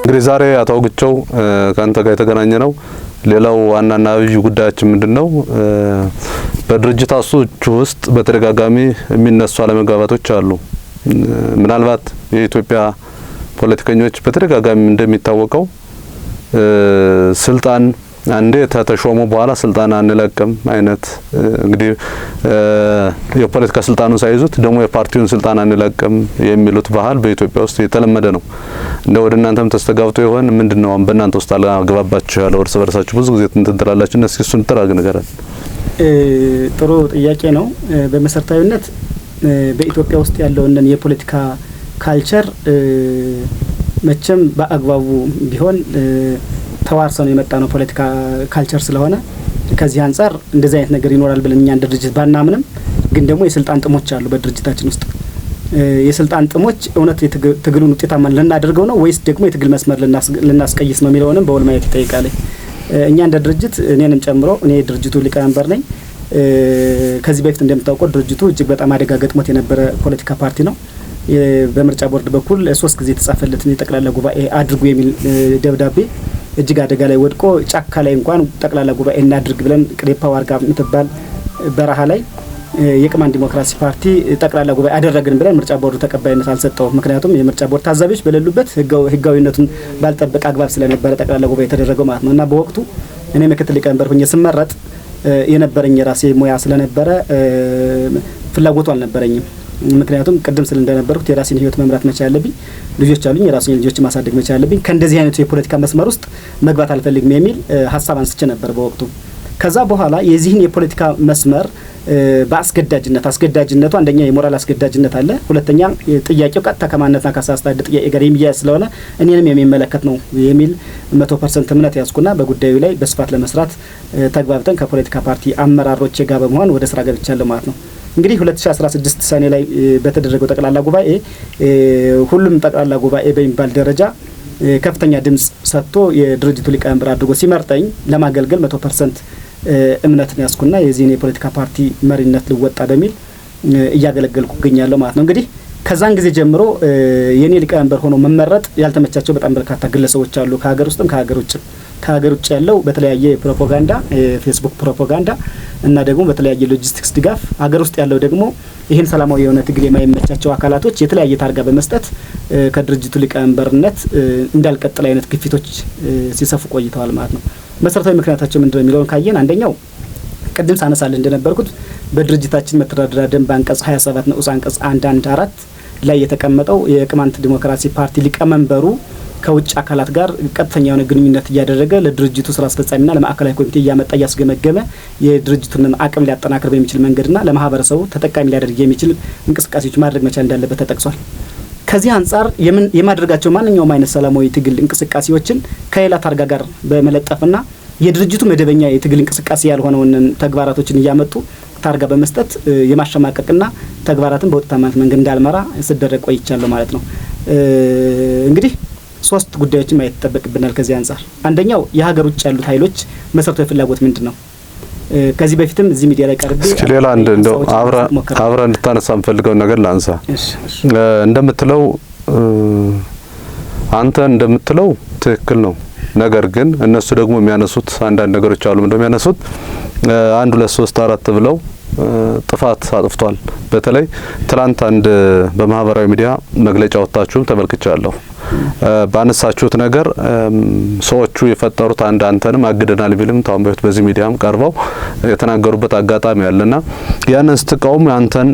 እንግዲህ ዛሬ አቶ አውግቸው ከአንተ ጋር የተገናኘ ነው። ሌላው ዋናና አብዩ ጉዳያችን ምንድን ነው? በድርጅታችሁ ውስጥ በተደጋጋሚ የሚነሱ አለመግባባቶች አሉ። ምናልባት የኢትዮጵያ ፖለቲከኞች በተደጋጋሚ እንደሚታወቀው ስልጣን አንዴ ተተሾሙ በኋላ ስልጣን አንለቅም አይነት እንግዲህ የፖለቲካ ስልጣኑን ሳይዙት ደግሞ የፓርቲውን ስልጣን አንለቅም የሚሉት ባህል በኢትዮጵያ ውስጥ የተለመደ ነው። እንደ ወደ እናንተም ተስተጋብቶ ይሆን ምንድን ነው በእናንተ ውስጥ አልገባባችሁ ያለው? እርስ በርሳችሁ ብዙ ጊዜ እንትን ትላላችሁ። እስኪ እሱን ጥራግ ንገረን። ጥሩ ጥያቄ ነው። በመሰረታዊነት በኢትዮጵያ ውስጥ ያለውን የፖለቲካ ካልቸር መቼም በአግባቡ ቢሆን ነው የመጣ ነው ፖለቲካ ካልቸር ስለሆነ ከዚህ አንጻር እንደዚህ አይነት ነገር ይኖራል ብለን እኛ እንደ ድርጅት ባናምንም፣ ግን ደግሞ የስልጣን ጥሞች አሉ በድርጅታችን ውስጥ የስልጣን ጥሞች እውነት ትግሉን ውጤታማ ልናደርገው ነው ወይስ ደግሞ የትግል መስመር ልናስቀይስ ነው የሚለውንም በውል ማየት ይጠይቃል። እኛ እንደ ድርጅት እኔንም ጨምሮ እኔ ድርጅቱ ሊቀመንበር ነኝ። ከዚህ በፊት እንደምታውቀው ድርጅቱ እጅግ በጣም አደጋ ገጥሞት የነበረ ፖለቲካ ፓርቲ ነው። በምርጫ ቦርድ በኩል ሶስት ጊዜ የተጻፈለትን የጠቅላላ ጉባኤ አድርጉ የሚል ደብዳቤ እጅግ አደጋ ላይ ወድቆ ጫካ ላይ እንኳን ጠቅላላ ጉባኤ እናድርግ ብለን ቅዴፓ ዋርጋ የምትባል በረሃ ላይ የቅማን ዲሞክራሲ ፓርቲ ጠቅላላ ጉባኤ አደረግን ብለን ምርጫ ቦርዱ ተቀባይነት አልሰጠውም። ምክንያቱም የምርጫ ቦርድ ታዛቢዎች በሌሉበት ህጋዊነቱን ባልጠበቀ አግባብ ስለነበረ ጠቅላላ ጉባኤ የተደረገው ማለት ነው እና በወቅቱ እኔ ምክትል ሊቀመንበር ሁኜ ስመረጥ የነበረኝ የራሴ ሙያ ስለነበረ ፍላጎቱ አልነበረኝም። ምክንያቱም ቅድም ስል እንደነበርኩት የራሴን ህይወት መምራት መቻል ያለብኝ፣ ልጆች አሉኝ፣ የራሴን ልጆች ማሳደግ መቻል ያለብኝ፣ ከእንደዚህ አይነቱ የፖለቲካ መስመር ውስጥ መግባት አልፈልግም የሚል ሀሳብ አንስቼ ነበር በወቅቱ። ከዛ በኋላ የዚህን የፖለቲካ መስመር በአስገዳጅነት አስገዳጅነቱ አንደኛ የሞራል አስገዳጅነት አለ። ሁለተኛ ጥያቄው ቀጥታ ከማንነትና ከስራ ጥያቄ ጋር የሚያያዝ ስለሆነ እኔንም የሚመለከት ነው የሚል መቶ ፐርሰንት እምነት ያዝኩና በጉዳዩ ላይ በስፋት ለመስራት ተግባብተን ከፖለቲካ ፓርቲ አመራሮች ጋር በመሆን ወደ ስራ ገብቻለሁ ማለት ነው። እንግዲህ 2016 ሰኔ ላይ በተደረገው ጠቅላላ ጉባኤ ሁሉም ጠቅላላ ጉባኤ በሚባል ደረጃ ከፍተኛ ድምጽ ሰጥቶ የድርጅቱ ሊቀመንበር አድርጎ ሲመርጠኝ ለማገልገል መቶ ፐርሰንት እምነትን ያስኩና የዚህን የፖለቲካ ፓርቲ መሪነት ልወጣ በሚል እያገለገልኩ እገኛለሁ ማለት ነው። እንግዲህ ከዛን ጊዜ ጀምሮ የኔ ሊቀመንበር ሆኖ መመረጥ ያልተመቻቸው በጣም በርካታ ግለሰቦች አሉ ከሀገር ውስጥም ከሀገር ውጭም ከሀገር ውጭ ያለው በተለያየ ፕሮፓጋንዳ የፌስቡክ ፕሮፓጋንዳ እና ደግሞ በተለያየ ሎጂስቲክስ ድጋፍ፣ ሀገር ውስጥ ያለው ደግሞ ይህን ሰላማዊ የሆነ ትግል የማይመቻቸው አካላቶች የተለያየ ታርጋ በመስጠት ከድርጅቱ ሊቀመንበርነት እንዳልቀጥል አይነት ግፊቶች ሲሰፉ ቆይተዋል ማለት ነው። መሰረታዊ ምክንያታቸው ምንድነው የሚለውን ካየን አንደኛው ቅድም ሳነሳል እንደነበርኩት በድርጅታችን መተዳደሪያ ደንብ አንቀጽ 27 ንዑስ አንቀጽ አራት ላይ የተቀመጠው የቅማንት ዲሞክራሲ ፓርቲ ሊቀመንበሩ ከውጭ አካላት ጋር ቀጥተኛ የሆነ ግንኙነት እያደረገ ለድርጅቱ ስራ አስፈጻሚና ለማዕከላዊ ኮሚቴ እያመጣ እያስገመገመ የድርጅቱን አቅም ሊያጠናክር በሚችል መንገድና ለማህበረሰቡ ተጠቃሚ ሊያደርግ የሚችል እንቅስቃሴዎች ማድረግ መቻል እንዳለበት ተጠቅሷል። ከዚህ አንጻር የማደርጋቸው ማንኛውም አይነት ሰላማዊ ትግል እንቅስቃሴዎችን ከሌላ ታርጋ ጋር በመለጠፍና የድርጅቱ መደበኛ የትግል እንቅስቃሴ ያልሆነውን ተግባራቶችን እያመጡ ታርጋ በመስጠት የማሸማቀቅና ተግባራትን በውጤታማነት መንገድ እንዳልመራ ስደረግ ቆይቻለሁ ማለት ነው። እንግዲህ ሶስት ጉዳዮችን ማየት ይጠበቅብናል ከዚህ አንጻር። አንደኛው የሀገር ውጭ ያሉት ኃይሎች መሰረታዊ ፍላጎት ምንድን ነው? ከዚህ በፊትም እዚህ ሚዲያ ላይ ቀርቤ እስኪ ሌላ አንድ እንደው አብረ እንድታነሳ የምፈልገውን ነገር ላንሳ። እንደምትለው አንተ እንደምትለው ትክክል ነው። ነገር ግን እነሱ ደግሞ የሚያነሱት አንዳንድ ነገሮች አሉ እንደሚያነሱት አንድ ሁለት ሶስት አራት ብለው ጥፋት አጥፍቷል። በተለይ ትላንት አንድ በማህበራዊ ሚዲያ መግለጫ ወጣችሁ ተመልክቻለሁ። ባነሳችሁት ነገር ሰዎቹ የፈጠሩት አንድ አንተንም አግደናል ቢልም ታሁን በፊት በዚህ ሚዲያም ቀርበው የተናገሩበት አጋጣሚ አለና ያንን ስትቃውም አንተን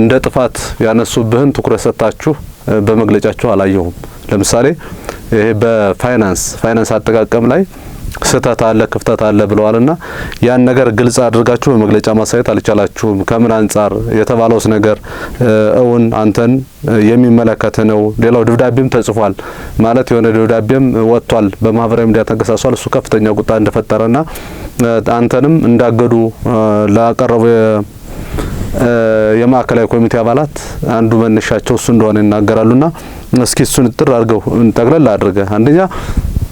እንደ ጥፋት ያነሱብህን ትኩረት ሰጥታችሁ በመግለጫችሁ አላየሁም። ለምሳሌ ይሄ በፋይናንስ ፋይናንስ አጠቃቀም ላይ ስህተት አለ፣ ክፍተት አለ ብለዋልና ያን ነገር ግልጽ አድርጋችሁ በመግለጫ ማሳየት አልቻላችሁም። ከምን አንጻር የተባለውስ ነገር እውን አንተን የሚመለከት ነው? ሌላው ደብዳቤም ተጽፏል ማለት የሆነ ደብዳቤም ወጥቷል፣ በማህበራዊ ሚዲያ ተንቀሳቅሷል። እሱ ከፍተኛ ቁጣ እንደፈጠረና አንተንም እንዳገዱ ላቀረቡ የማዕከላዊ ኮሚቴ አባላት አንዱ መነሻቸው እሱ እንደሆነ ይናገራሉና እስኪ እሱን ጥር አድርገው ጠቅለል አድርገ አንደኛ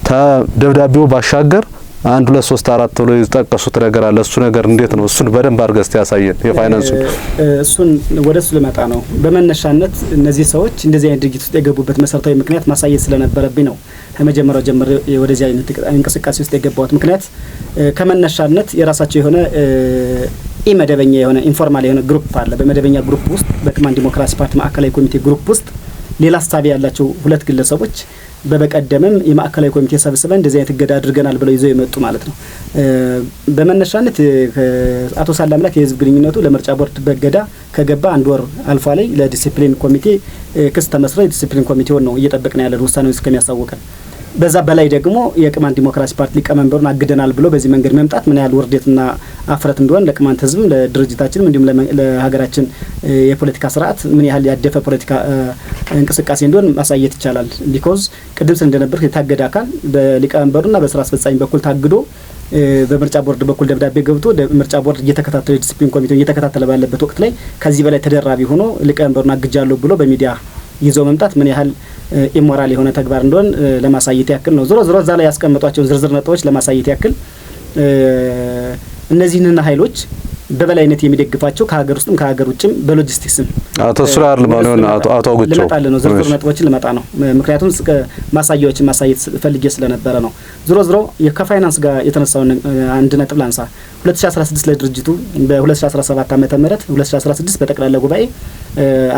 ከደብዳቤው ባሻገር አንድ ሁለት ሶስት አራት ብሎ የጠቀሱት ነገር አለ። እሱ ነገር እንዴት ነው? እሱን በደንብ አድርገህ እስቲ ያሳየን። የፋይናንሱን እሱን ወደ እሱ ልመጣ ነው። በመነሻነት እነዚህ ሰዎች እንደዚህ አይነት ድርጊት ውስጥ የገቡበት መሰረታዊ ምክንያት ማሳየት ስለነበረብኝ ነው ከመጀመሪያው ጀምር ወደዚህ አይነት እንቅስቃሴ ውስጥ የገባሁት ምክንያት ከመነሻነት የራሳቸው የሆነ ኢመደበኛ የሆነ ኢንፎርማል የሆነ ግሩፕ አለ። በመደበኛ ግሩፕ ውስጥ በክማን ዲሞክራሲ ፓርቲ ማዕከላዊ ኮሚቴ ግሩፕ ውስጥ ሌላ ሀሳብ ያላቸው ሁለት ግለሰቦች በበቀደምም የማዕከላዊ ኮሚቴ ሰብስበን እንደዚህ አይነት እገዳ አድርገናል ብለው ይዘው የመጡ ማለት ነው። በመነሻነት አቶ ሳላ ሳላምላክ የህዝብ ግንኙነቱ ለምርጫ ቦርድ በገዳ ከገባ አንድ ወር አልፏ ላይ ለዲሲፕሊን ኮሚቴ ክስ ተመስርቶ የዲሲፕሊን ኮሚቴውን ነው እየጠበቅን ያለን ውሳኔው እስከሚያሳውቀን በዛ በላይ ደግሞ የቅማንት ዲሞክራሲ ፓርቲ ሊቀመንበሩን አግደናል ብሎ በዚህ መንገድ መምጣት ምን ያህል ውርደትና አፍረት እንደሆነ ለቅማንት ህዝብም ለድርጅታችንም እንዲሁም ለሀገራችን የፖለቲካ ስርዓት ምን ያህል ያደፈ ፖለቲካ እንቅስቃሴ እንደሆን ማሳየት ይቻላል። ቢኮዝ ቅድም ስል እንደነበር የታገደ አካል በሊቀመንበሩና በስራ አስፈጻሚ በኩል ታግዶ በምርጫ ቦርድ በኩል ደብዳቤ ገብቶ ምርጫ ቦርድ እየተከታተለ ዲስፕሊን ኮሚቴ እየተከታተለ ባለበት ወቅት ላይ ከዚህ በላይ ተደራቢ ሆኖ ሊቀመንበሩን አግጃለሁ ብሎ በሚዲያ ይዞ መምጣት ምን ያህል ኢሞራል የሆነ ተግባር እንደሆን ለማሳየት ያክል ነው። ዝሮ ዝሮ እዛ ላይ ያስቀመጧቸውን ዝርዝር ነጥቦች ለማሳየት ያክል እነዚህንና ኃይሎች በበላይነት የሚደግፋቸው ከሀገር ውስጥም ከሀገር ውጭም በሎጂስቲክስም አቶ ሱራር ልማኖን አቶ አቶ ልመጣለ ነው ዝርዝር ነጥቦችን ልመጣ ነው። ምክንያቱም ማሳያዎችን ማሳየት ፈልጌ ስለነበረ ነው። ዝሮ ዝሮ ከፋይናንስ ጋር የተነሳውን አንድ ነጥብ ላንሳ። 2016 ለድርጅቱ በ2017 ዓ ም 2016 በጠቅላላ ጉባኤ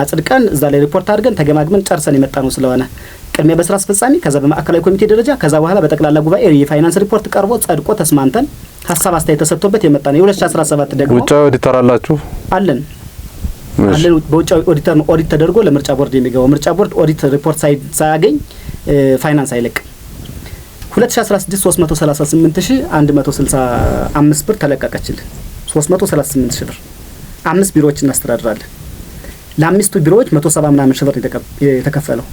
አጽድቀን እዛ ላይ ሪፖርት አድርገን ተገማግመን ጨርሰን የመጣ ነው ስለሆነ ቅድሚያ በስራ አስፈጻሚ ከዛ በማዕከላዊ ኮሚቴ ደረጃ ከዛ በኋላ በጠቅላላ ጉባኤ የፋይናንስ ሪፖርት ቀርቦ ጸድቆ ተስማምተን ሀሳብ አስተያየት ተሰጥቶበት የመጣ ነው አስራ ሰባት ደግሞ ውጫዊ ኦዲተር አላችሁ? አለን አለን። በውጫዊ ኦዲተር ነው ኦዲት ተደርጎ ለምርጫ ቦርድ የሚገባው። ምርጫ ቦርድ ኦዲት ሪፖርት ሳያገኝ ፋይናንስ አይለቅም። 2016 338165 ብር ተለቀቀችልን። 338 ሺ ብር አምስት ቢሮዎች እናስተዳድራለን። ለአምስቱ ቢሮዎች 170 ምናምን ሺህ ብር የተከፈለው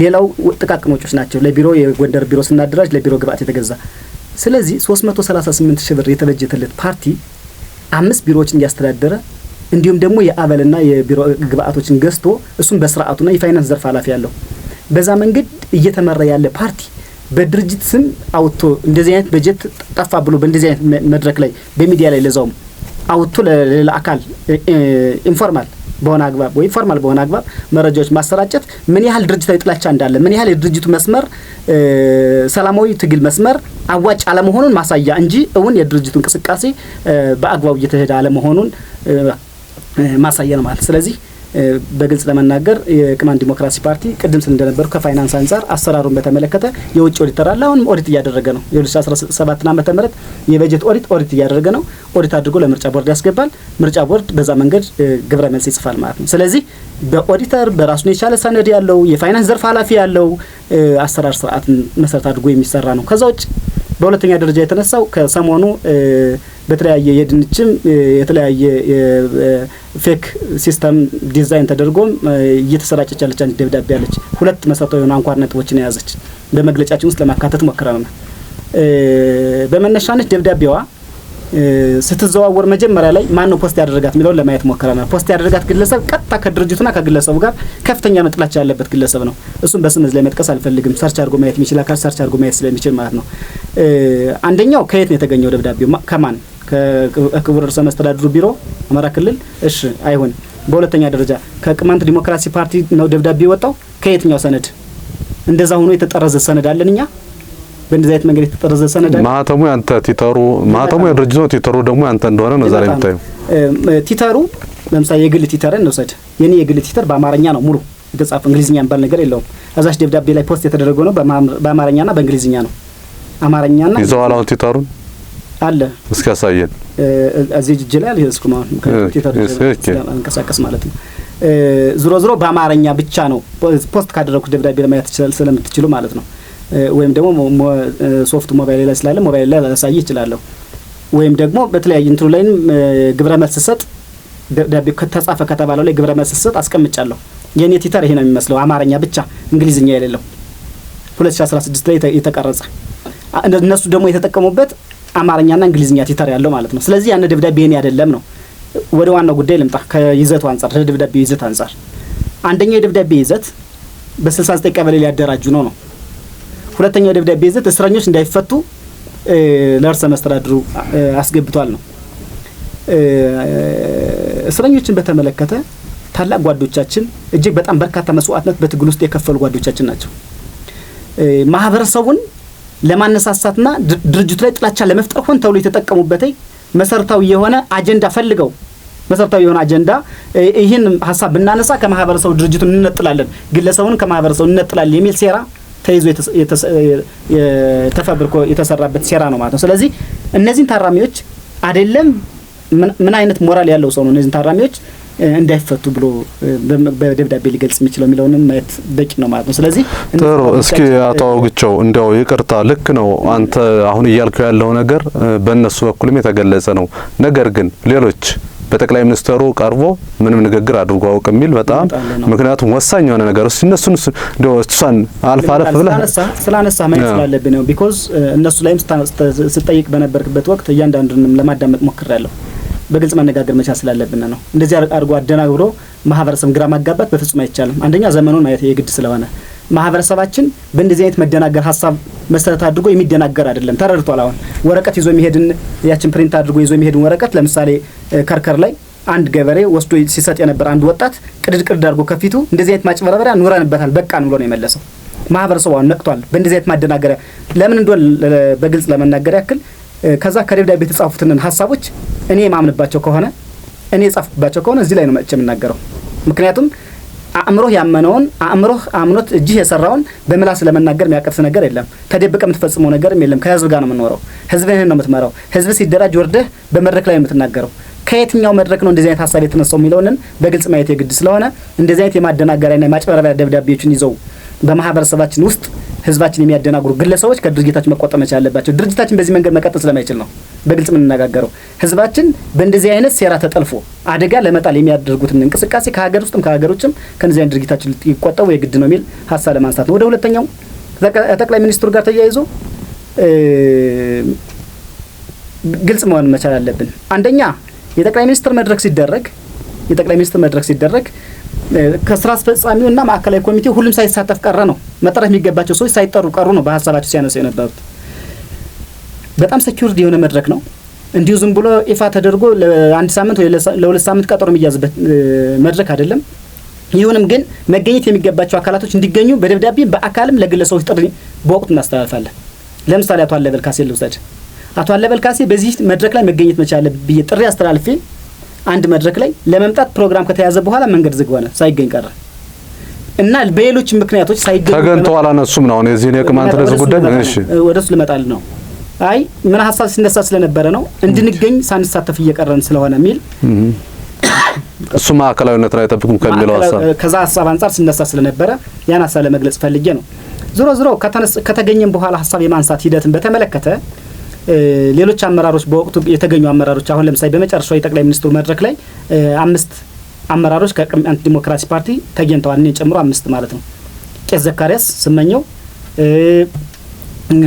ሌላው ጥቃቅኖቾች ናቸው። ለቢሮ የጎንደር ቢሮ ስናደራጅ ለቢሮ ግብአት የተገዛ ስለዚህ 338 ሺህ ብር የተበጀተለት ፓርቲ አምስት ቢሮዎችን እያስተዳደረ እንዲሁም ደግሞ የአበልና የቢሮ ግብአቶችን ገዝቶ እሱም በስርዓቱና የፋይናንስ ዘርፍ ኃላፊ ያለው በዛ መንገድ እየተመራ ያለ ፓርቲ በድርጅት ስም አውጥቶ እንደዚህ አይነት በጀት ጠፋ ብሎ በእንደዚህ አይነት መድረክ ላይ በሚዲያ ላይ ለዛውም አውጥቶ ለሌላ አካል ኢንፎርማል በሆነ አግባብ ወይ ፎርማል በሆነ አግባብ መረጃዎች ማሰራጨት ምን ያህል ድርጅታዊ ጥላቻ እንዳለ ምን ያህል የድርጅቱ መስመር ሰላማዊ ትግል መስመር አዋጭ አለመሆኑን ማሳያ እንጂ እውን የድርጅቱ እንቅስቃሴ በአግባቡ እየተሄደ አለመሆኑን ማሳያ ነው ማለት ስለዚህ በግልጽ ለመናገር የቅማን ዲሞክራሲ ፓርቲ ቅድም ስል እንደነበሩ ከፋይናንስ አንጻር አሰራሩን በተመለከተ የውጭ ኦዲት አለ አሁንም ኦዲት እያደረገ ነው። የ2017 ዓ ም የበጀት ኦዲት ኦዲት እያደረገ ነው። ኦዲት አድርጎ ለምርጫ ቦርድ ያስገባል። ምርጫ ቦርድ በዛ መንገድ ግብረ መልስ ይጽፋል ማለት ነው። ስለዚህ በኦዲተር በራሱን የቻለ ሰነድ ያለው የፋይናንስ ዘርፍ ኃላፊ ያለው አሰራር ስርዓትን መሰረት አድርጎ የሚሰራ ነው። ከዛ ውጭ በሁለተኛ ደረጃ የተነሳው ከሰሞኑ በተለያየ የድንችም የተለያየ ፌክ ሲስተም ዲዛይን ተደርጎም እየተሰራጨች ያለች አንድ ደብዳቤ ያለች ሁለት መሰረታዊ የሆኑ አንኳር ነጥቦችን የያዘች በመግለጫችን ውስጥ ለማካተት ሞክረናል። በመነሻነች ደብዳቤዋ ስትዘዋወር መጀመሪያ ላይ ማን ነው ፖስት ያደረጋት የሚለውን ለማየት ሞክረናል። ፖስት ያደረጋት ግለሰብ ቀጥታ ከድርጅቱና ከግለሰቡ ጋር ከፍተኛ መጥላቻ ያለበት ግለሰብ ነው። እሱም በስም እዚህ ላይ መጥቀስ አልፈልግም። ሰርች አድርጎ ማየት የሚችል አካል ሰርች አድርጎ ማየት ስለሚችል ማለት ነው። አንደኛው ከየት ነው የተገኘው ደብዳቤው ከማን ከክቡር ርዕሰ መስተዳድሩ ቢሮ አማራ ክልል እሺ፣ አይሁን በሁለተኛ ደረጃ ከቅማንት ዲሞክራሲ ፓርቲ ነው ደብዳቤ የወጣው። ከየትኛው ሰነድ? እንደዛ ሆኖ የተጠረዘ ሰነድ አለን እኛ በእንደዚህ አይነት መንገድ የተጠረዘ ሰነድ ማህተሙ ያንተ ቲተሩ፣ ማህተሙ የድርጅት ነው። ቲተሩ ደግሞ ያንተ እንደሆነ ነው ዛሬ የምታዩ ቲተሩ ለምሳሌ የግል ቲተርን እንውሰድ። የኔ የግል ቲተር በአማርኛ ነው ሙሉ የተጻፈ እንግሊዝኛ የሚባል ነገር የለውም። እዛች ደብዳቤ ላይ ፖስት የተደረገው ነው በአማርኛና በእንግሊዝኛ ነው። አማርኛና ይዘዋል አሁን ቲተሩን አለ እስኪ ያሳየን። እዚህ እጅ ላይ አልያዝኩም አሁን ስለማንቀሳቀስ ማለት ነው። ዞሮ ዞሮ በአማርኛ ብቻ ነው ፖስት ካደረኩት ደብዳቤ ለማየት ይችላል ስለምትችሉ ማለት ነው። ወይም ደግሞ ሶፍት ሞባይል ላይ ስላለ ሞባይል ላይ ላሳይ ይችላለሁ። ወይም ደግሞ በተለያዩ እንትኑ ላይም ግብረ መልስ ሰጥ ደብዳቤ ተጻፈ ከተባለው ላይ ግብረ መልስ ሰጥ አስቀምጫለሁ። የእኔ ትዊተር ይሄ ነው የሚመስለው፣ አማርኛ ብቻ እንግሊዝኛ የሌለው 2016 ላይ የተቀረጸ እነሱ ደግሞ የተጠቀሙበት አማርኛና እንግሊዝኛ ቲተር ያለው ማለት ነው። ስለዚህ ያን ደብዳቤ የኔ አይደለም ነው። ወደ ዋናው ጉዳይ ልምጣ። ከይዘቱ አንጻር ከደብዳቤው ይዘት አንጻር አንደኛው የደብዳቤ ይዘት በ69 ቀበሌ ሊያደራጁ ነው ነው። ሁለተኛው የደብዳቤ ይዘት እስረኞች እንዳይፈቱ ለእርሰ መስተዳድሩ አስገብቷል ነው። እስረኞችን በተመለከተ ታላቅ ጓዶቻችን እጅግ በጣም በርካታ መስዋዕትነት በትግል ውስጥ የከፈሉ ጓዶቻችን ናቸው። ማህበረሰቡን ለማነሳሳትና ድርጅቱ ላይ ጥላቻ ለመፍጠር ሆን ተብሎ የተጠቀሙበት መሰረታዊ የሆነ አጀንዳ ፈልገው መሰረታዊ የሆነ አጀንዳ ይህን ሀሳብ ብናነሳ ከማህበረሰቡ ድርጅቱን እንነጥላለን፣ ግለሰቡን ከማህበረሰቡ እንነጥላለን የሚል ሴራ ተይዞ ተፈብርኮ የተሰራበት ሴራ ነው ማለት ነው። ስለዚህ እነዚህን ታራሚዎች አይደለም ምን አይነት ሞራል ያለው ሰው ነው እነዚህን ታራሚዎች እንዳይፈቱ ብሎ በደብዳቤ ሊገልጽ የሚችለው የሚለውንም ማየት በቂ ነው ማለት ነው። ስለዚህ ጥሩ እስኪ አቶ አውግቸው እንዲያው ይቅርታ፣ ልክ ነው አንተ አሁን እያልከው ያለው ነገር በእነሱ በኩልም የተገለጸ ነው። ነገር ግን ሌሎች በጠቅላይ ሚኒስተሩ ቀርቦ ምንም ንግግር አድርጎ አውቅ የሚል በጣም ምክንያቱም ወሳኝ የሆነ ነገር እሱ እነሱን እሷን አልፍ አለፍ ብለህ ስላነሳ ማየት ስላለብህ ነው። ቢኮዝ እነሱ ላይም ስጠይቅ በነበርክበት ወቅት እያንዳንዱንም ለማዳመጥ ሞክሬያለሁ። በግልጽ መነጋገር መቻል ስላለብን ነው። እንደዚህ አድርጎ አደናግሮ ማህበረሰብ ግራ ማጋባት በፍጹም አይቻልም። አንደኛ ዘመኑን ማየት የግድ ስለሆነ ማህበረሰባችን በእንደዚህ አይነት መደናገር ሀሳብ መሰረት አድርጎ የሚደናገር አይደለም። ተረድቷል። አሁን ወረቀት ይዞ የሚሄድን ያችን ፕሪንት አድርጎ ይዞ የሚሄድን ወረቀት ለምሳሌ ከርከር ላይ አንድ ገበሬ ወስዶ ሲሰጥ የነበር አንድ ወጣት ቅድድ ቅድድ አድርጎ ከፊቱ እንደዚህ አይነት ማጭበረበሪያ ኑረንበታል፣ በቃን ብሎ ነው የመለሰው። ማህበረሰቡ አሁን ነቅቷል። በእንደዚህ አይነት ማደናገሪያ ለምን እንደሆነ በግልጽ ለመናገር ያክል ከዛ ከደብዳቤ የተጻፉትን ሀሳቦች እኔ የማምንባቸው ከሆነ እኔ የጻፍኩባቸው ከሆነ እዚህ ላይ ነው መጥቼ የምናገረው። ምክንያቱም አእምሮህ ያመነውን አእምሮህ አምኖት እጅህ የሰራውን በምላስ ለመናገር የሚያቀርስ ነገር የለም። ተደብቀ የምትፈጽመው ነገርም የለም። ከህዝብ ጋር ነው የምንኖረው። ህዝብህን ነው የምትመራው። ህዝብ ሲደራጅ ወርደህ በመድረክ ላይ ነው የምትናገረው። ከየትኛው መድረክ ነው እንደዚህ አይነት ሀሳብ የተነሳው የሚለውንን በግልጽ ማየት የግድ ስለሆነ እንደዚህ አይነት የማደናገሪያና የማጭበረበሪያ ደብዳቤዎችን ይዘው በማህበረሰባችን ውስጥ ህዝባችን የሚያደናግሩ ግለሰቦች ከድርጅታችን መቆጠብ መቻል አለባቸው። ድርጅታችን በዚህ መንገድ መቀጠል ስለማይችል ነው በግልጽ የምንነጋገረው። ህዝባችን በእንደዚህ አይነት ሴራ ተጠልፎ አደጋ ለመጣል የሚያደርጉትን እንቅስቃሴ ከሀገር ውስጥም ከሀገር ውጭም ከእንደዚህ አይነት ድርጊታችን ሊቆጠቡ የግድ ነው የሚል ሀሳብ ለማንሳት ነው። ወደ ሁለተኛው ጠቅላይ ሚኒስትሩ ጋር ተያይዞ ግልጽ መሆን መቻል አለብን። አንደኛ የጠቅላይ ሚኒስትር መድረክ ሲደረግ የጠቅላይ ሚኒስትር መድረክ ሲደረግ ከስራ አስፈጻሚው እና ማዕከላዊ ኮሚቴ ሁሉም ሳይሳተፍ ቀረ ነው። መጠራት የሚገባቸው ሰዎች ሳይጠሩ ቀሩ ነው። በሀሳባቸው ሲያነሱ የነበሩት በጣም ሴኪሪቲ የሆነ መድረክ ነው። እንዲሁ ዝም ብሎ ይፋ ተደርጎ ለአንድ ሳምንት ወይ ለሁለት ሳምንት ቀጠሮ የሚያዝበት መድረክ አይደለም። ይሁንም ግን መገኘት የሚገባቸው አካላቶች እንዲገኙ በደብዳቤ በአካልም ለግለሰቦች ጥሪ በወቅቱ እናስተላልፋለን። ለምሳሌ አቶ አለበል ካሴ ልውሰድ። አቶ አለበል ካሴ በዚህ መድረክ ላይ መገኘት መቻለ ብዬ ጥሪ አስተላልፌ አንድ መድረክ ላይ ለመምጣት ፕሮግራም ከተያዘ በኋላ መንገድ ዝግ ሆነ፣ ሳይገኝ ቀረ እና በሌሎች ምክንያቶች ሳይገኝ ተገንቶ አላነሱም ነው። የዚህን የቅማንት ህዝብ ጉዳይ እሺ፣ ወደ እሱ ልመጣል ነው። አይ ምን ሀሳብ ሲነሳ ስለነበረ ነው እንድንገኝ ሳንሳተፍ እየቀረን ስለሆነ የሚል እሱ ማዕከላዊነትን አይጠብቅም ከሚለው ሀሳብ ከዛ ሀሳብ አንጻር ሲነሳ ስለነበረ ያን ሀሳብ ለመግለጽ ፈልጌ ነው። ዞሮ ዞሮ ከተገኘም በኋላ ሀሳብ የማንሳት ሂደትን በተመለከተ ሌሎች አመራሮች በወቅቱ የተገኙ አመራሮች አሁን ለምሳሌ በመጨረሻው የጠቅላይ ሚኒስትሩ መድረክ ላይ አምስት አመራሮች ከቅማንት ዲሞክራሲ ፓርቲ ተገኝተዋል፣ እኔን ጨምሮ አምስት ማለት ነው። ቄስ ዘካርያስ ስመኘው፣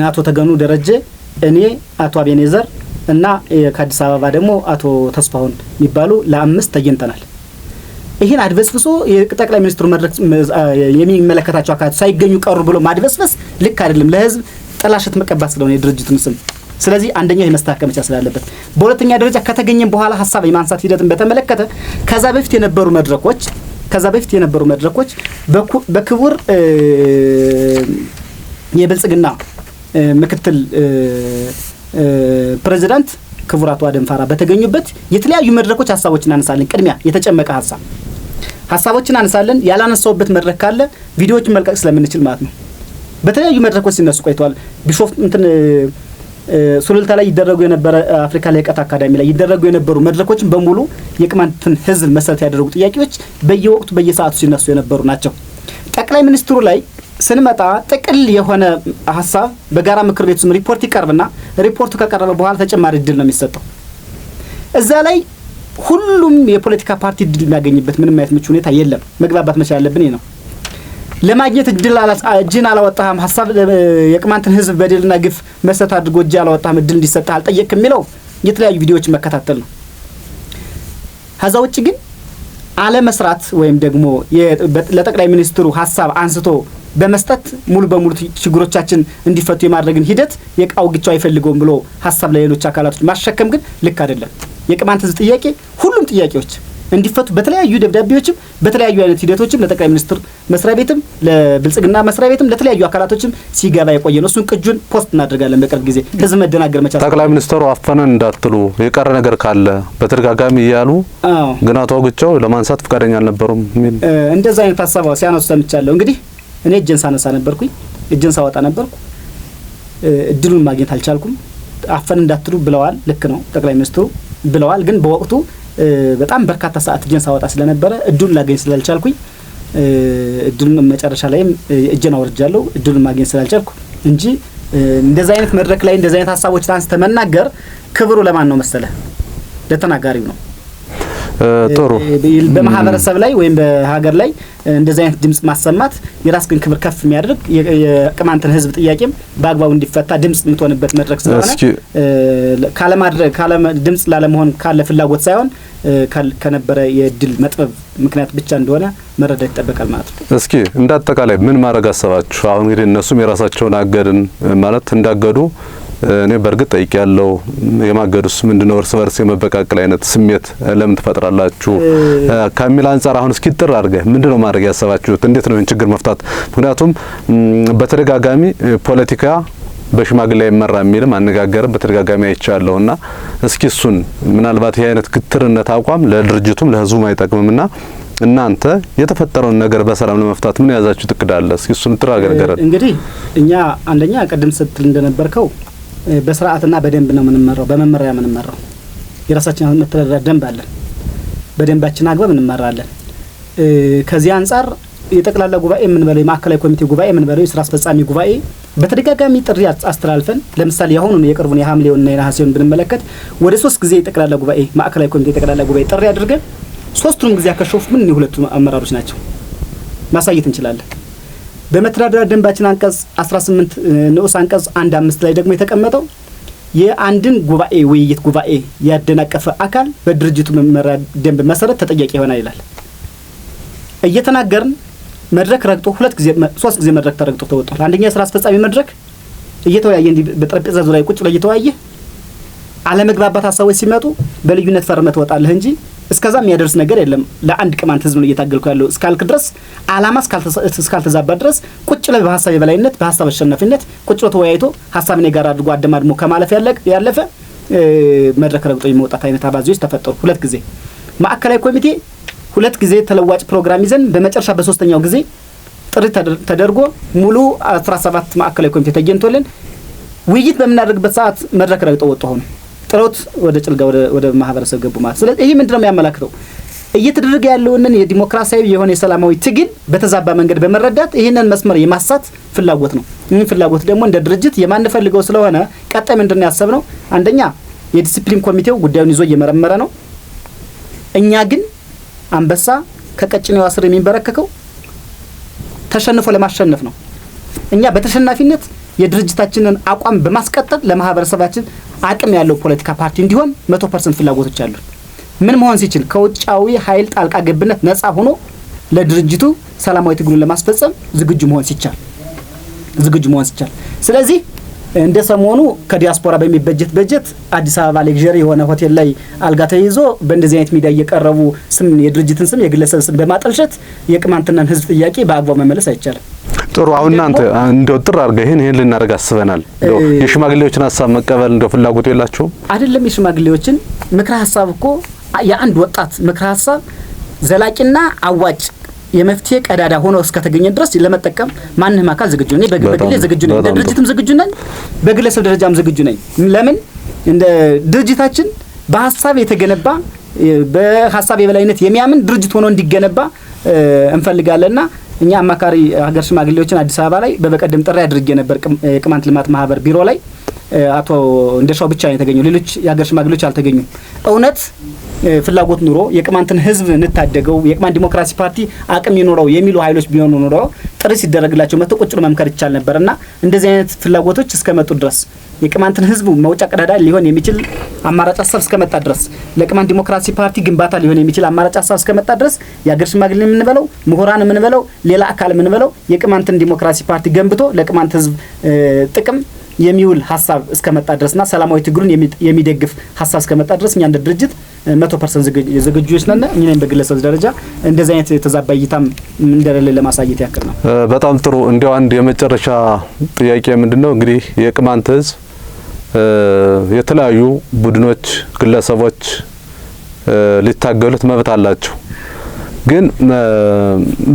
አቶ ተገኑ ደረጀ፣ እኔ፣ አቶ አቤኔዘር እና ከአዲስ አበባ ደግሞ አቶ ተስፋሁን የሚባሉ ለአምስት ተገኝተናል። ይህን አድበስብሶ የጠቅላይ ሚኒስትሩ መድረክ የሚመለከታቸው አካላት ሳይገኙ ቀሩ ብሎ ማድበስበስ ልክ አይደለም። ለህዝብ ጥላሸት መቀባት ስለሆነ የድርጅቱን ስም ስለዚህ አንደኛው የመስተካከል መቻል ስላለበት፣ በሁለተኛ ደረጃ ከተገኘም በኋላ ሀሳብ የማንሳት ሂደትን በተመለከተ ከዛ በፊት የነበሩ መድረኮች ከዛ በፊት የነበሩ መድረኮች በክቡር የብልጽግና ምክትል ፕሬዚዳንት ክቡር አቶ አደንፋራ በተገኙበት የተለያዩ መድረኮች ሀሳቦችን አነሳለን። ቅድሚያ የተጨመቀ ሀሳብ ሀሳቦችን አነሳለን። ያላነሳውበት መድረክ ካለ ቪዲዮዎችን መልቀቅ ስለምንችል ማለት ነው። በተለያዩ መድረኮች ሲነሱ ቆይተዋል። ቢሾፍ እንትን ሱሉልታ ላይ ይደረጉ የነበረ አፍሪካ ልህቀት አካዳሚ ላይ ይደረጉ የነበሩ መድረኮችን በሙሉ የቅማንትን ህዝብ መሰረት ያደረጉ ጥያቄዎች በየወቅቱ በየሰዓቱ ሲነሱ የነበሩ ናቸው። ጠቅላይ ሚኒስትሩ ላይ ስንመጣ ጥቅል የሆነ ሀሳብ በጋራ ምክር ቤት ስም ሪፖርት ይቀርብና ሪፖርቱ ከቀረበ በኋላ ተጨማሪ እድል ነው የሚሰጠው። እዛ ላይ ሁሉም የፖለቲካ ፓርቲ እድል የሚያገኝበት ምንም አይነት ምቹ ሁኔታ የለም። መግባባት መቻል ያለብን ነው። ለማግኘት እጅን አላወጣህም፣ ሀሳብ የቅማንትን ህዝብ በደልና ግፍ መሰረት አድርጎ እጅ አላወጣህም፣ እድል እንዲሰጥህ አልጠየቅህ የሚለው የተለያዩ ቪዲዮዎችን መከታተል ነው። ከዛ ውጭ ግን አለመስራት ወይም ደግሞ ለጠቅላይ ሚኒስትሩ ሀሳብ አንስቶ በመስጠት ሙሉ በሙሉ ችግሮቻችን እንዲፈቱ የማድረግን ሂደት ግቻው አይፈልገውም ብሎ ሀሳብ ለሌሎች አካላቶች ማሸከም ግን ልክ አይደለም። የቅማንት ህዝብ ጥያቄ ሁሉም ጥያቄዎች እንዲፈቱ በተለያዩ ደብዳቤዎችም በተለያዩ አይነት ሂደቶችም ለጠቅላይ ሚኒስትር መስሪያ ቤትም ለብልጽግና መስሪያ ቤትም ለተለያዩ አካላቶችም ሲገባ የቆየ ነው። እሱን ቅጁን ፖስት እናደርጋለን በቅርብ ጊዜ። ህዝብ መደናገር መቻል ጠቅላይ ሚኒስትሩ አፈነን እንዳትሉ የቀረ ነገር ካለ በተደጋጋሚ እያሉ ግን አቶ አውግቸው ለማንሳት ፈቃደኛ አልነበሩም የሚል እንደዛ አይነት ሀሳብ ሲያነሱ ሰምቻለሁ። እንግዲህ እኔ እጄን ሳነሳ ነበርኩኝ፣ እጄን ሳወጣ ነበርኩ። እድሉን ማግኘት አልቻልኩም። አፈን እንዳትሉ ብለዋል። ልክ ነው ጠቅላይ ሚኒስትሩ ብለዋል። ግን በወቅቱ በጣም በርካታ ሰዓት እጄን ሳወጣ ስለነበረ እድሉን ላገኝ ስላልቻልኩኝ እድሉን መጨረሻ ላይም እጄን አውርጃለሁ። እድሉን ማግኘት ስላልቻልኩ እንጂ እንደዚህ አይነት መድረክ ላይ እንደዚህ አይነት ሀሳቦች አንስተ መናገር ክብሩ ለማን ነው መሰለ? ለተናጋሪው ነው። ጥሩ በማህበረሰብ ላይ ወይም በሀገር ላይ እንደዚህ አይነት ድምጽ ማሰማት የራስህን ክብር ከፍ የሚያደርግ የቅማንትን ህዝብ ጥያቄም በአግባቡ እንዲፈታ ድምጽ የምትሆንበት መድረክ ስለሆነ ካለማድረግ ድምጽ ላለመሆን ካለ ፍላጎት ሳይሆን ከነበረ የድል መጥበብ ምክንያት ብቻ እንደሆነ መረዳት ይጠበቃል ማለት ነው። እስኪ እንደ አጠቃላይ ምን ማድረግ አሰባችሁ? አሁን እንግዲህ እነሱም የራሳቸውን አገድን ማለት እንዳገዱ እኔ በእርግጥ ጠይቅ ያለው የማገዱስ ምንድነው እርስ በርስ የመበቃቀል አይነት ስሜት ለምን ትፈጥራላችሁ ከሚል አንጻር አሁን እስኪ ጥር አድርገ ምንድነው ማድረግ ያሰባችሁት? እንዴት ነው ችግር መፍታት? ምክንያቱም በተደጋጋሚ ፖለቲካ በሽማግሌ ይመራ የሚልም አነጋገርም በተደጋጋሚ አይቻለሁና እስኪ እሱን ምናልባት ይህ አይነት ግትርነት አቋም ለድርጅቱም ለህዝቡ አይጠቅምምና እናንተ የተፈጠረውን ነገር በሰላም ለመፍታት ምን የያዛችሁ እቅድ አለ? እስኪ እሱን ትራገር እንግዲህ እኛ አንደኛ ቅድም ስትል እንደነበርከው በስርዓትና በደንብ ነው የምንመራው፣ በመመሪያ የምንመራው። የራሳችን መተዳደሪያ ደንብ አለን። በደንባችን አግባብ እንመራለን። ከዚህ አንጻር የጠቅላላ ጉባኤ የምንበለው የማዕከላዊ ኮሚቴ ጉባኤ የምንበለው የስራ አስፈጻሚ ጉባኤ በተደጋጋሚ ጥሪ አስተላልፈን ለምሳሌ የአሁኑን የቅርቡን የሐምሌውንና የነሐሴውን ብንመለከት ወደ ሶስት ጊዜ የጠቅላላ ጉባኤ ማዕከላዊ ኮሚቴ የጠቅላላ ጉባኤ ጥሪ አድርገን ሶስቱንም ጊዜ ያከሸፉ ምን ሁለቱ አመራሮች ናቸው ማሳየት እንችላለን። በመተዳደሪያ ደንባችን አንቀጽ 18 ንዑስ አንቀጽ አንድ አምስት ላይ ደግሞ የተቀመጠው የአንድን ጉባኤ ውይይት ጉባኤ ያደናቀፈ አካል በድርጅቱ መመሪያ ደንብ መሰረት ተጠያቂ ይሆናል ይላል። እየተናገርን መድረክ ረግጦ ሁለት ጊዜ ሶስት ጊዜ መድረክ ተረግጦ ተወጥቷል። አንደኛ የስራ አስፈጻሚ መድረክ እየተወያየ በጠረጴዛ ዙሪያ ቁጭ ብሎ እየተወያየ አለመግባባት ሀሳቦች ሲመጡ በልዩነት ፈርመ ትወጣለህ እንጂ እስከዛ የሚያደርስ ነገር የለም። ለአንድ ቅማንት ህዝብ ነው እየታገልኩ ያለው እስካልክ ድረስ አላማ እስካልተዛባ ድረስ ቁጭ ላይ በሀሳብ የበላይነት በሀሳብ አሸናፊነት ቁጭ ብሎ ተወያይቶ ሀሳብን የጋራ አድርጎ አደማድሞ ከማለፍ ያለፈ መድረክ ረግጦ የመውጣት አይነት አባዜዎች ተፈጠሩ። ሁለት ጊዜ ማዕከላዊ ኮሚቴ ሁለት ጊዜ ተለዋጭ ፕሮግራም ይዘን በመጨረሻ በሶስተኛው ጊዜ ጥሪ ተደርጎ ሙሉ 17 ማዕከላዊ ኮሚቴ ተገኝቶልን ውይይት በምናደርግበት ሰዓት መድረክ ረግጦ ወጡ ሆነ። ጥረውት ወደ ጭልጋ ወደ ማህበረሰብ ገቡ ማለት። ስለዚህ ይህ ምንድነው የሚያመላክተው? እየተደረገ ያለውንን የዲሞክራሲያዊ የሆነ የሰላማዊ ትግል በተዛባ መንገድ በመረዳት ይህንን መስመር የማሳት ፍላጎት ነው። ይህን ፍላጎት ደግሞ እንደ ድርጅት የማንፈልገው ስለሆነ ቀጣይ ያሰብ ነው አንደኛ የዲሲፕሊን ኮሚቴው ጉዳዩን ይዞ እየመረመረ ነው። እኛ ግን አንበሳ ከቀጭኔው ስር የሚንበረከከው ተሸንፎ ለማሸነፍ ነው። እኛ በተሸናፊነት የድርጅታችንን አቋም በማስቀጠል ለማህበረሰባችን አቅም ያለው ፖለቲካ ፓርቲ እንዲሆን መቶ ፐርሰንት ፍላጎቶች አሉ። ምን መሆን ሲችል ከውጫዊ ኃይል ጣልቃ ገብነት ነጻ ሆኖ ለድርጅቱ ሰላማዊ ትግሉን ለማስፈጸም ዝግጁ መሆን ሲቻል ዝግጁ መሆን ሲቻል። ስለዚህ እንደ ሰሞኑ ከዲያስፖራ በሚበጀት በጀት አዲስ አበባ ሌክዠሪ የሆነ ሆቴል ላይ አልጋ ተይዞ በእንደዚህ አይነት ሚዲያ እየቀረቡ ስም የድርጅትን ስም የግለሰብ ስም በማጠልሸት የቅማንትናን ህዝብ ጥያቄ በአግባቡ መመለስ አይቻልም። ጥሩ። አሁን እናንተ እንደው ጥር አድርገ ይሄን ይሄን ልናደርግ አስበናል። የሽማግሌዎችን ሀሳብ መቀበል እንደው ፍላጎት የላቸውም አይደለም። የሽማግሌዎችን ምክረ ሀሳብ እኮ የአንድ ወጣት ምክረ ሀሳብ ዘላቂና አዋጭ የመፍትሄ ቀዳዳ ሆኖ እስከተገኘ ድረስ ለመጠቀም ማንም አካል ዝግጁ ነኝ። በግሌ ዝግጁ ነኝ፣ እንደ ድርጅትም ዝግጁ ነኝ፣ በግለሰብ ደረጃም ዝግጁ ነኝ። ለምን እንደ ድርጅታችን በሀሳብ የተገነባ በሀሳብ የበላይነት የሚያምን ድርጅት ሆኖ እንዲገነባ እንፈልጋለንና እኛ አማካሪ ሀገር ሽማግሌዎችን አዲስ አበባ ላይ በበቀደም ጥሪ አድርጌ ነበር። የቅማንት ልማት ማህበር ቢሮ ላይ አቶ እንደሻው ብቻ የተገኙ፣ ሌሎች የሀገር ሽማግሌዎች አልተገኙ። እውነት ፍላጎት ኑሮ የቅማንትን ህዝብ እንታደገው የቅማንት ዲሞክራሲ ፓርቲ አቅም ይኖረው የሚሉ ኃይሎች ቢሆኑ ኑሮ ጥሪ ሲደረግላቸው መጥቶ ቁጭ መምከር ይቻል ነበር እና እንደዚህ አይነት ፍላጎቶች እስከመጡ ድረስ የቅማንትን ህዝቡ መውጫ ቀዳዳ ሊሆን የሚችል አማራጭ ሀሳብ እስከመጣ ድረስ ለቅማንት ዲሞክራሲ ፓርቲ ግንባታ ሊሆን የሚችል አማራጭ ሀሳብ እስከመጣ ድረስ የአገር ሽማግሌ የምንበለው ምሁራን የምንበለው ሌላ አካል የምንበለው የቅማንትን ዲሞክራሲ ፓርቲ ገንብቶ ለቅማንት ህዝብ ጥቅም የሚውል ሀሳብ እስከመጣ ድረስና ሰላማዊ ትግሉን የሚደግፍ ሀሳብ እስከመጣ ድረስ እኛ እንደ ድርጅት መቶ ፐርሰንት ዝግጁዎች ነን። እኛም በግለሰብ ደረጃ እንደዚህ አይነት የተዛባ እይታም እንደሌለ ለማሳየት ያክል ነው። በጣም ጥሩ። እንዲያው አንድ የመጨረሻ ጥያቄ ምንድን ነው እንግዲህ የቅማንት ህዝብ የተለያዩ ቡድኖች፣ ግለሰቦች ሊታገሉት መብት አላቸው። ግን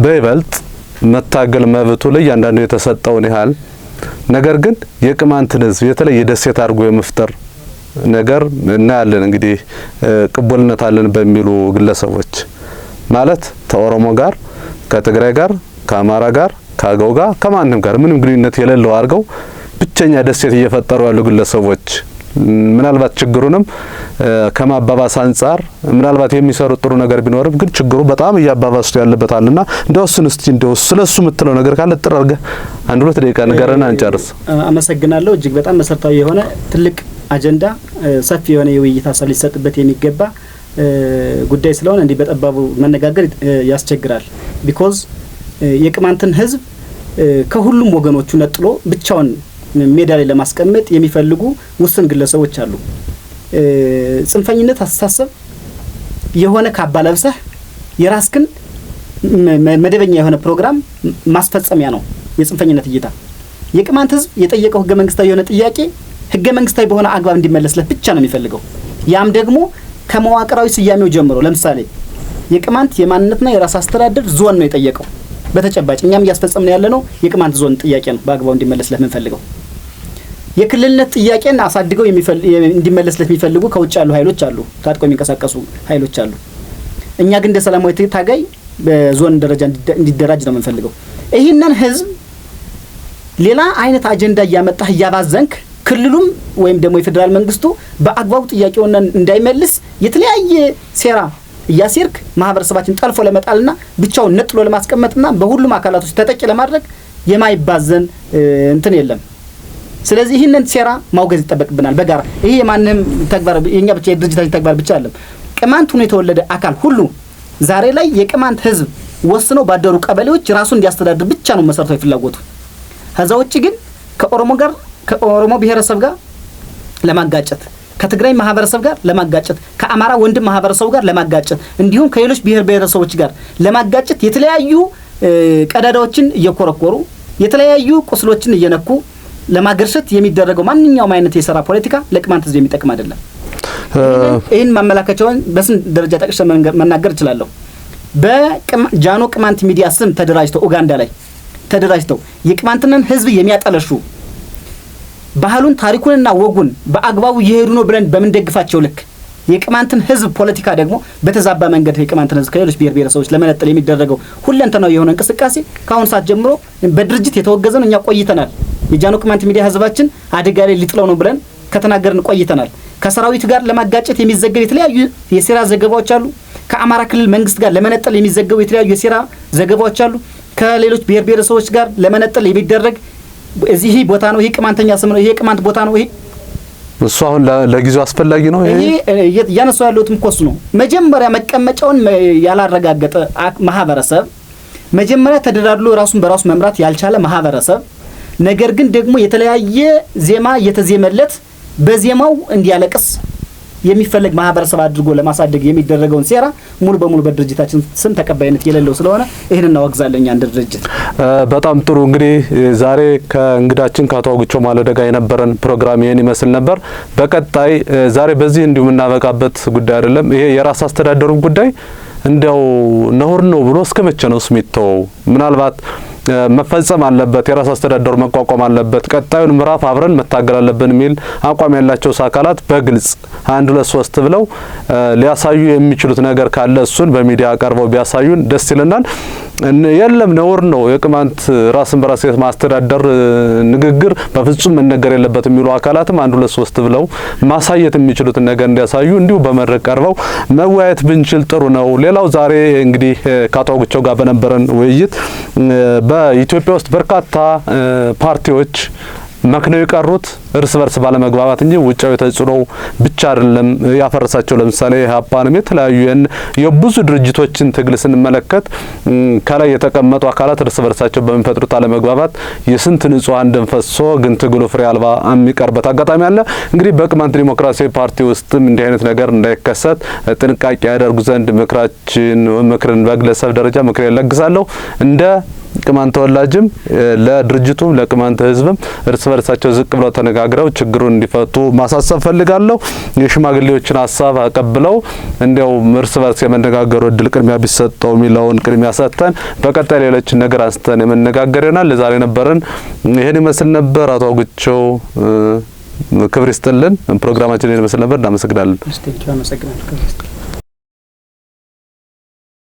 በይበልጥ መታገል መብቱ ለእያንዳንዱ የተሰጠውን ያህል ነገር ግን የቅማንትን ሕዝብ የተለየ ደሴት አድርጎ የመፍጠር ነገር እናያለን። እንግዲህ ቅቡልነት አለን በሚሉ ግለሰቦች ማለት ከኦሮሞ ጋር፣ ከትግራይ ጋር፣ ከአማራ ጋር፣ ከአገው ጋር፣ ከማንም ጋር ምንም ግንኙነት የሌለው አድርገው ብቸኛ ደሴት እየፈጠሩ ያሉ ግለሰቦች ምናልባት ችግሩንም ከማባባስ አንጻር ምናልባት የሚሰሩት ጥሩ ነገር ቢኖርም ግን ችግሩ በጣም እያባባሱ ያለበታልና እንደው እሱን እስቲ እንደው ስለሱ የምትለው ነገር ካለ ጥር አንድ ሁለት ደቂቃ ንገረና አንጨርስ። አመሰግናለሁ። እጅግ በጣም መሰረታዊ የሆነ ትልቅ አጀንዳ፣ ሰፊ የሆነ የውይይት ሀሳብ ሊሰጥበት የሚገባ ጉዳይ ስለሆነ እንዲህ በጠባቡ መነጋገር ያስቸግራል። ቢኮዝ የቅማንትን ህዝብ ከሁሉም ወገኖቹ ነጥሎ ብቻውን ሜዳ ላይ ለማስቀመጥ የሚፈልጉ ውስን ግለሰቦች አሉ። ጽንፈኝነት አስተሳሰብ የሆነ ካባ ለብሰህ የራስክን መደበኛ የሆነ ፕሮግራም ማስፈጸሚያ ነው የጽንፈኝነት እይታ። የቅማንት ህዝብ የጠየቀው ህገ መንግስታዊ የሆነ ጥያቄ ህገ መንግስታዊ በሆነ አግባብ እንዲመለስለት ብቻ ነው የሚፈልገው። ያም ደግሞ ከመዋቅራዊ ስያሜው ጀምሮ ለምሳሌ የቅማንት የማንነትና የራስ አስተዳደር ዞን ነው የጠየቀው። በተጨባጭ እኛም እያስፈጸምን ያለ ነው የቅማንት ዞን ጥያቄ ነው በአግባቡ እንዲመለስለት የምንፈልገው። የክልልነት ጥያቄን አሳድገው እንዲመለስለት የሚፈልጉ ከውጭ ያሉ ኃይሎች አሉ፣ ታጥቆ የሚንቀሳቀሱ ኃይሎች አሉ። እኛ ግን እንደ ሰላማዊ ታጋይ በዞን ደረጃ እንዲደራጅ ነው የምንፈልገው። ይህንን ህዝብ ሌላ አይነት አጀንዳ እያመጣህ እያባዘንክ ክልሉም ወይም ደግሞ የፌዴራል መንግስቱ በአግባቡ ጥያቄውን እንዳይመልስ የተለያየ ሴራ እያሴርክ ማህበረሰባችን ጠልፎ ለመጣልና ብቻውን ነጥሎ ለማስቀመጥና በሁሉም አካላቶች ተጠቂ ለማድረግ የማይባዘን እንትን የለም። ስለዚህ ይህንን ሴራ ማውገዝ ይጠበቅብናል በጋራ። ይሄ የማንም ተግባር የኛ ብቻ የድርጅታችን ተግባር ብቻ አለም። ቅማንት ሆኖ የተወለደ አካል ሁሉ ዛሬ ላይ የቅማንት ህዝብ ወስነው ባደሩ ቀበሌዎች ራሱን እንዲያስተዳድር ብቻ ነው መሰረታዊ ፍላጎቱ። ከዛ ውጭ ግን ከኦሮሞ ጋር ከኦሮሞ ብሔረሰብ ጋር ለማጋጨት ከትግራይ ማህበረሰብ ጋር ለማጋጨት ከአማራ ወንድም ማህበረሰቡ ጋር ለማጋጨት እንዲሁም ከሌሎች ብሔር ብሔረሰቦች ጋር ለማጋጨት የተለያዩ ቀዳዳዎችን እየኮረኮሩ የተለያዩ ቁስሎችን እየነኩ ለማገርሸት የሚደረገው ማንኛውም አይነት የሰራ ፖለቲካ ለቅማንት ህዝብ የሚጠቅም አይደለም። ይህን ማመላከቻውን በስም ደረጃ ጠቅሼ መናገር እችላለሁ። በጃኖ ቅማንት ሚዲያ ስም ተደራጅተው ኡጋንዳ ላይ ተደራጅተው የቅማንትንን ህዝብ የሚያጠለሹ ባህሉን ታሪኩንና ወጉን በአግባቡ እየሄዱ ነው ብለን በምንደግፋቸው ልክ የቅማንትን ህዝብ ፖለቲካ ደግሞ በተዛባ መንገድ የቅማንትን ህዝብ ከሌሎች ብሔር ብሔረሰቦች ለመነጠል የሚደረገው ሁለንተናዊ የሆነ እንቅስቃሴ ከአሁኑ ሰዓት ጀምሮ በድርጅት የተወገዘ ነው። እኛ ቆይተናል። የጃኖ ቅማንት ሚዲያ ህዝባችን አደጋ ላይ ሊጥለው ነው ብለን ከተናገርን ቆይተናል። ከሰራዊቱ ጋር ለማጋጨት የሚዘገብ የተለያዩ የሴራ ዘገባዎች አሉ። ከአማራ ክልል መንግስት ጋር ለመነጠል የሚዘገቡ የተለያዩ የሴራ ዘገባዎች አሉ። ከሌሎች ብሔር ብሔረሰቦች ጋር ለመነጠል የሚደረግ እዚህ ቦታ ነው፣ ይሄ ቅማንተኛ ስም ነው፣ ይሄ ቅማንት ቦታ ነው፣ ይሄ እሱ አሁን ለጊዜው አስፈላጊ ነው። ይሄ እያነሱ ያለሁትም ኮስ ነው። መጀመሪያ መቀመጫውን ያላረጋገጠ ማህበረሰብ፣ መጀመሪያ ተደራድሎ ራሱን በራሱ መምራት ያልቻለ ማህበረሰብ ነገር ግን ደግሞ የተለያየ ዜማ እየተዜመለት በዜማው እንዲያለቅስ የሚፈለግ ማህበረሰብ አድርጎ ለማሳደግ የሚደረገውን ሴራ ሙሉ በሙሉ በድርጅታችን ስም ተቀባይነት የሌለው ስለሆነ ይህን እናወግዛለን አንድ ድርጅት። በጣም ጥሩ። እንግዲህ ዛሬ ከእንግዳችን ከአቶ አውግቸው ማለደጋ የነበረን ፕሮግራም ይህን ይመስል ነበር። በቀጣይ ዛሬ በዚህ እንዲሁም የምናበቃበት ጉዳይ አይደለም። ይሄ የራስ አስተዳደሩን ጉዳይ እንዲያው ነውር ነው ብሎ እስከ መቼ ነው ስሜት ተወው ምናልባት መፈጸም አለበት፣ የራስ አስተዳደሩ መቋቋም አለበት፣ ቀጣዩን ምዕራፍ አብረን መታገል አለብን የሚል አቋም ያላቸው አካላት በግልጽ አንድ ሁለት ሶስት ብለው ሊያሳዩ የሚችሉት ነገር ካለ እሱን በሚዲያ ቀርበው ቢያሳዩን ደስ ይለናል። የለም ነውር ነው የቅማንት ራስን በራስ ማስተዳደር ንግግር በፍጹም መነገር የለበት የሚሉ አካላትም አንድ ሁለት ሶስት ብለው ማሳየት የሚችሉትን ነገር እንዲያሳዩ እንዲሁ በመድረክ ቀርበው መወያየት ብንችል ጥሩ ነው። ሌላው ዛሬ እንግዲህ ከአቶ አውግቸው ጋር በነበረን ውይይት በኢትዮጵያ ውስጥ በርካታ ፓርቲዎች መክነው የቀሩት እርስ በርስ ባለመግባባት እንጂ ውጫዊ ተጽዕኖ ብቻ አይደለም ያፈረሳቸው። ለምሳሌ ኢህአፓንም የተለያዩ የብዙ ድርጅቶችን ትግል ስንመለከት ከላይ የተቀመጡ አካላት እርስ በርሳቸው በሚፈጥሩት አለመግባባት የስንት ንጹሐን ደም ፈሶ ግን ትግሉ ፍሬ አልባ የሚቀርበት አጋጣሚ አለ። እንግዲህ በቅማንት ዲሞክራሲያዊ ፓርቲ ውስጥም እንዲህ አይነት ነገር እንዳይከሰት ጥንቃቄ ያደርጉ ዘንድ ምክራችን ምክርን በግለሰብ ደረጃ ምክር ለግሳለሁ እንደ ቅማንት ተወላጅም ለድርጅቱም ለቅማንት ህዝብም እርስ በርሳቸው ዝቅ ብለው ተነጋግረው ችግሩን እንዲፈቱ ማሳሰብ ፈልጋለሁ። የሽማግሌዎችን ሀሳብ አቀብለው እንዲያው እርስ በርስ የመነጋገሩ እድል ቅድሚያ ቢሰጠው የሚለውን ቅድሚያ ሰጥተን በቀጣይ ሌሎችን ነገር አንስተን የመነጋገር ይሆናል። ለዛሬ ነበረን ይህን ይመስል ነበር። አቶ አጉቸው ክብር ይስጥልን። ፕሮግራማችን ይህን ይመስል ነበር። እናመሰግናለን።